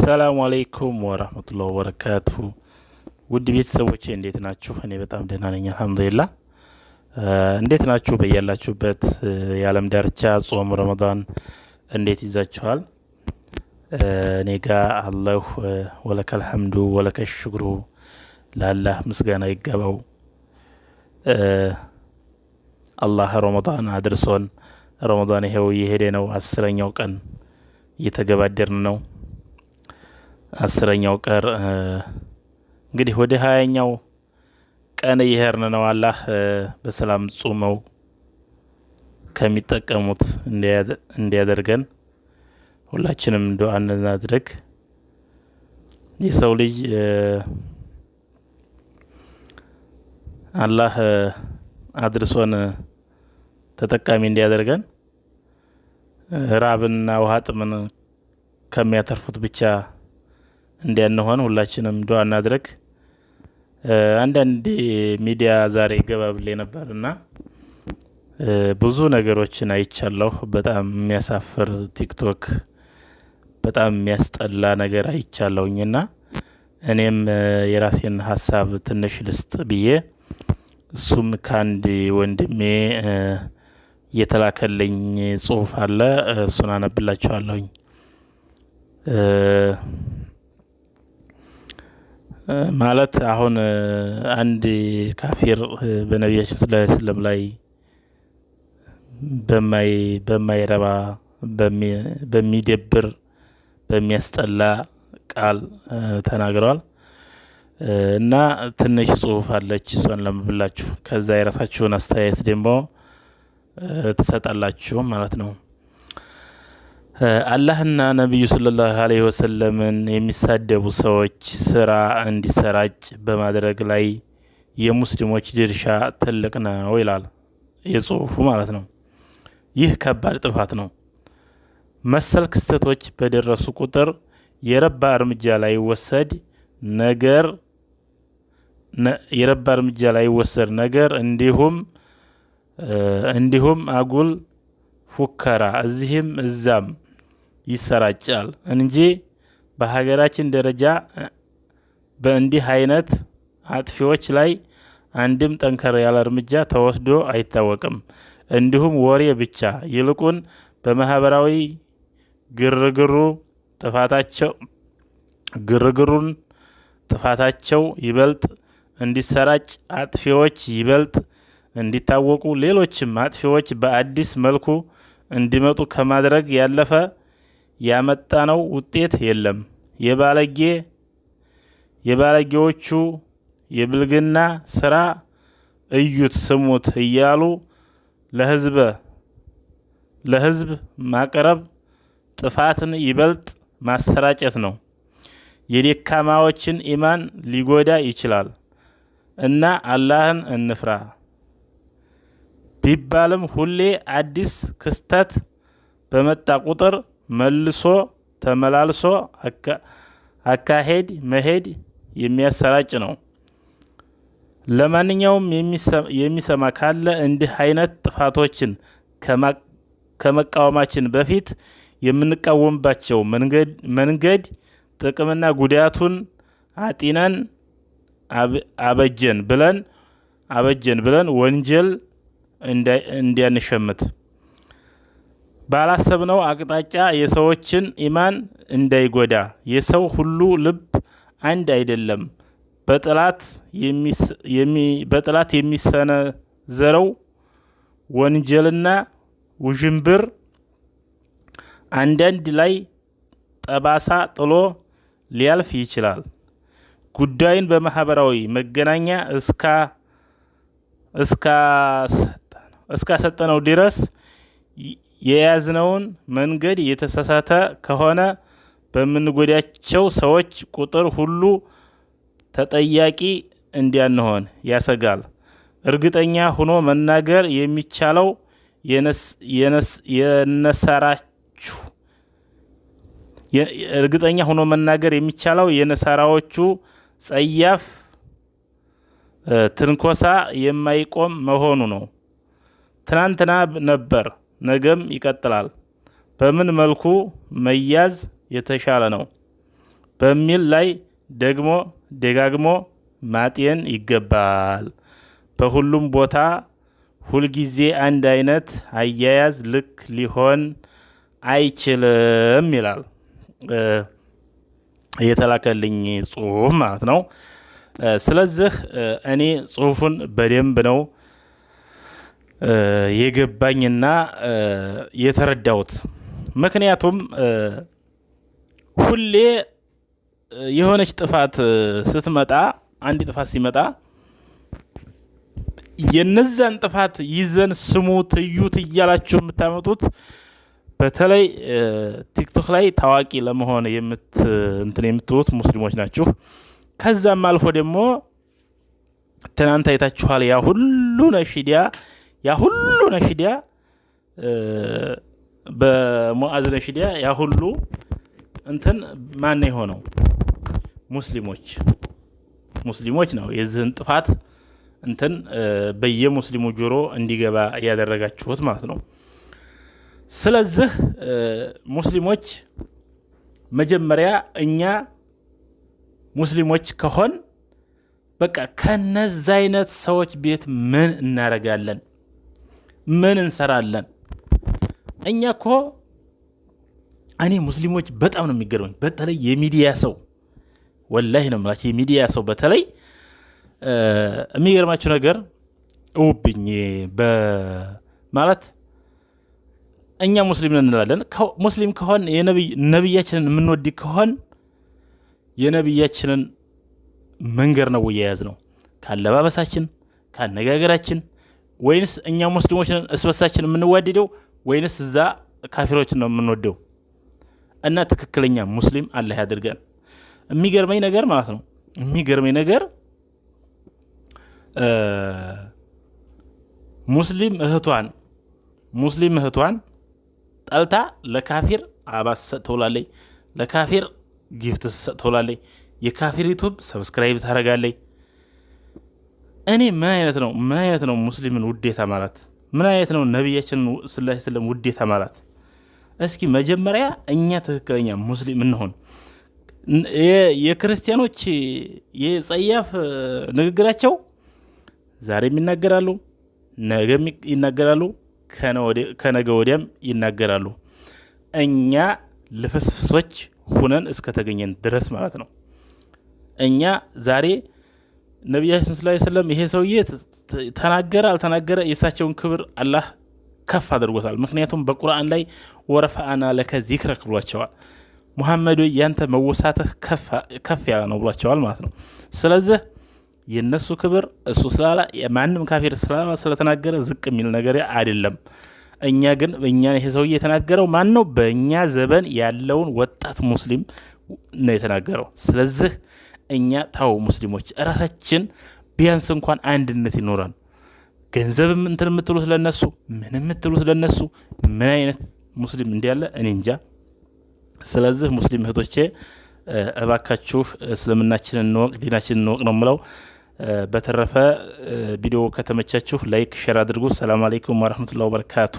አሰላሙ አለይኩም ወራህመቱላሂ ወበረካቱ ውድ ቤተሰቦቼ እንዴት ናችሁ? እኔ በጣም ደህና ነኝ አልሐምዱሊላህ። እንዴት ናችሁ? በያላችሁበት የዓለም ዳርቻ ጾም ረመዳን እንዴት ይዛችኋል? እኔ ጋ አለሁ። ወለከል ሐምዱ ወለከል ሽክሩ፣ ለአላህ ምስጋና ይገባው። አላህ ረመዳን አድርሶን፣ ረመዳን ይሄው እየሄደ ነው። አስረኛው ቀን እየተገባደርን ነው። አስረኛው ቀር እንግዲህ ወደ ሀያኛው ቀን እየሄርን ነው። አላህ በሰላም ጾመው ከሚጠቀሙት እንዲያደርገን ሁላችንም ዱዓ እናድርግ። የሰው ልጅ አላህ አድርሶን ተጠቃሚ እንዲያደርገን ራብንና ውሃ ጥምን ከሚያተርፉት ብቻ እንዲያንሆን ሁላችንም ዱአ እናድረግ። አንዳንድ ሚዲያ ዛሬ ገባብሌ ነበር እና ብዙ ነገሮችን አይቻለሁ። በጣም የሚያሳፍር ቲክቶክ፣ በጣም የሚያስጠላ ነገር አይቻለሁኝ እና እኔም የራሴን ሀሳብ ትንሽ ልስጥ ብዬ እሱም ከአንድ ወንድሜ የተላከልኝ ጽሁፍ አለ። እሱን አነብላቸዋለሁኝ። ማለት አሁን አንድ ካፊር በነቢያችን ስላ ስለም ላይ በማይረባ በሚደብር በሚያስጠላ ቃል ተናግረዋል እና ትንሽ ጽሁፍ አለች። እሷን ለምብላችሁ ከዛ የራሳችሁን አስተያየት ደግሞ ትሰጣላችሁ ማለት ነው። አላህና ነቢዩ ሰለላሁ አለይሂ ወሰለምን የሚሳደቡ ሰዎች ስራ እንዲሰራጭ በማድረግ ላይ የሙስሊሞች ድርሻ ትልቅ ነው ይላል የጽሁፉ ማለት ነው። ይህ ከባድ ጥፋት ነው። መሰል ክስተቶች በደረሱ ቁጥር የረባ እርምጃ ላይ ወሰድ ነገር የረባ እርምጃ ላይ ወሰድ ነገር እንዲሁም እንዲሁም አጉል ፉከራ እዚህም እዛም ይሰራጫል እንጂ በሀገራችን ደረጃ በእንዲህ አይነት አጥፊዎች ላይ አንድም ጠንከር ያለ እርምጃ ተወስዶ አይታወቅም። እንዲሁም ወሬ ብቻ። ይልቁን በማህበራዊ ግርግሩ ጥፋታቸው ግርግሩን ጥፋታቸው ይበልጥ እንዲሰራጭ አጥፊዎች ይበልጥ እንዲታወቁ ሌሎችም አጥፊዎች በአዲስ መልኩ እንዲመጡ ከማድረግ ያለፈ ያመጣነው ውጤት የለም። የባለጌ የባለጌዎቹ የብልግና ስራ እዩት ስሙት እያሉ ለህዝበ ለህዝብ ማቅረብ ጥፋትን ይበልጥ ማሰራጨት ነው። የደካማዎችን ኢማን ሊጎዳ ይችላል እና አላህን እንፍራ ቢባልም ሁሌ አዲስ ክስተት በመጣ ቁጥር መልሶ ተመላልሶ አካሄድ መሄድ የሚያሰራጭ ነው። ለማንኛውም የሚሰማ ካለ እንዲህ አይነት ጥፋቶችን ከመቃወማችን በፊት የምንቃወምባቸው መንገድ ጥቅምና ጉዳቱን አጢነን አበጀን ብለን አበጀን ብለን ወንጀል እንዲያንሸምት ባላሰብነው አቅጣጫ የሰዎችን ኢማን እንዳይጎዳ። የሰው ሁሉ ልብ አንድ አይደለም። በጠላት የሚሰነዘረው ወንጀልና ውዥንብር አንዳንድ ላይ ጠባሳ ጥሎ ሊያልፍ ይችላል። ጉዳዩን በማህበራዊ መገናኛ እስካሰጠነው ድረስ የያዝነውን መንገድ የተሳሳተ ከሆነ በምንጎዳቸው ሰዎች ቁጥር ሁሉ ተጠያቂ እንዲያንሆን ያሰጋል። እርግጠኛ ሆኖ መናገር የሚቻለው የነሳራችሁ እርግጠኛ ሆኖ መናገር የሚቻለው የነሳራዎቹ ጸያፍ ትንኮሳ የማይቆም መሆኑ ነው። ትናንትና ነበር ነገም ይቀጥላል። በምን መልኩ መያዝ የተሻለ ነው በሚል ላይ ደግሞ ደጋግሞ ማጤን ይገባል። በሁሉም ቦታ ሁልጊዜ አንድ አይነት አያያዝ ልክ ሊሆን አይችልም ይላል የተላከልኝ ጽሁፍ ማለት ነው። ስለዚህ እኔ ጽሁፉን በደንብ ነው የገባኝና የተረዳሁት። ምክንያቱም ሁሌ የሆነች ጥፋት ስትመጣ አንድ ጥፋት ሲመጣ የነዛን ጥፋት ይዘን ስሙ ትዩት እያላችሁ የምታመጡት በተለይ ቲክቶክ ላይ ታዋቂ ለመሆን እንትን የምትሉት ሙስሊሞች ናችሁ። ከዛም አልፎ ደግሞ ትናንት አይታችኋል ያ ሁሉ ነሽዲያ ያ ሁሉ ነሽዲያ በሙዓዝ ነሽዲያ ያ ሁሉ እንትን ማን የሆነው ሙስሊሞች ሙስሊሞች ነው። የዚህን ጥፋት እንትን በየሙስሊሙ ጆሮ እንዲገባ እያደረጋችሁት ማለት ነው። ስለዚህ ሙስሊሞች መጀመሪያ እኛ ሙስሊሞች ከሆን በቃ ከነዚ አይነት ሰዎች ቤት ምን እናደርጋለን? ምን እንሰራለን? እኛ እኮ እኔ ሙስሊሞች በጣም ነው የሚገርመኝ። በተለይ የሚዲያ ሰው ወላሂ ነው የምላቸው የሚዲያ ሰው በተለይ የሚገርማችሁ ነገር እውብኝ ማለት እኛ ሙስሊም እንላለን። ሙስሊም ከሆን ነብያችንን የምንወድ ከሆን የነብያችንን መንገድ ነው የያዝ ነው፣ ከአለባበሳችን፣ ከአነጋገራችን ወይንስ እኛ ሙስሊሞች እስበሳችን በርሳችን የምንዋደደው ወይንስ እዛ ካፊሮች ነው የምንወደው? እና ትክክለኛ ሙስሊም አላህ ያድርገን። የሚገርመኝ ነገር ማለት ነው የሚገርመኝ ነገር ሙስሊም እህቷን ሙስሊም እህቷን ጠልታ ለካፊር አባስ ሰጥተውላለይ፣ ለካፊር ጊፍት ሰጥተውላለይ፣ የካፊር ዩቱብ ሰብስክራይብ ታደርጋለይ። እኔ ምን አይነት ነው ምን አይነት ነው ሙስሊምን ውዴታ ማለት ምን አይነት ነው ነቢያችንን ስላ ስለም ውዴታ ማለት? እስኪ መጀመሪያ እኛ ትክክለኛ ሙስሊም እንሆን። የክርስቲያኖች የጸያፍ ንግግራቸው ዛሬም ይናገራሉ፣ ነገም ይናገራሉ፣ ከነገ ወዲያም ይናገራሉ። እኛ ልፍስፍሶች ሁነን እስከተገኘን ድረስ ማለት ነው እኛ ዛሬ ነቢያችን ስላ ስለም ይሄ ሰውዬ ተናገረ አልተናገረ የእሳቸውን ክብር አላህ ከፍ አድርጎታል። ምክንያቱም በቁርአን ላይ ወረፈአና ለከ ዚክረክ ብሏቸዋል። ሙሐመድ ያንተ መወሳተህ ከፍ ያለ ነው ብሏቸዋል ማለት ነው። ስለዚህ የእነሱ ክብር እሱ ስላላ ማንም ካፊር ስላላ ስለተናገረ ዝቅ የሚል ነገር አይደለም። እኛ ግን በእኛ ይሄ ሰውዬ የተናገረው ማን ነው? በእኛ ዘበን ያለውን ወጣት ሙስሊም ነው የተናገረው። ስለዚህ እኛ ታው ሙስሊሞች እራሳችን ቢያንስ እንኳን አንድነት ይኖራል። ገንዘብ እንትን የምትሉት ለነሱ ምን የምትሉት ለነሱ ምን አይነት ሙስሊም እንዲያለ እኔ እንጃ። ስለዚህ ሙስሊም እህቶቼ እባካችሁ እስልምናችን እንወቅ፣ እንወቅ ነው ምለው። በተረፈ ቪዲዮ ከተመቻችሁ ላይክ፣ ሼር አድርጉ። ሰላም አለይኩም ወረህመቱላሂ ወበረካቱ።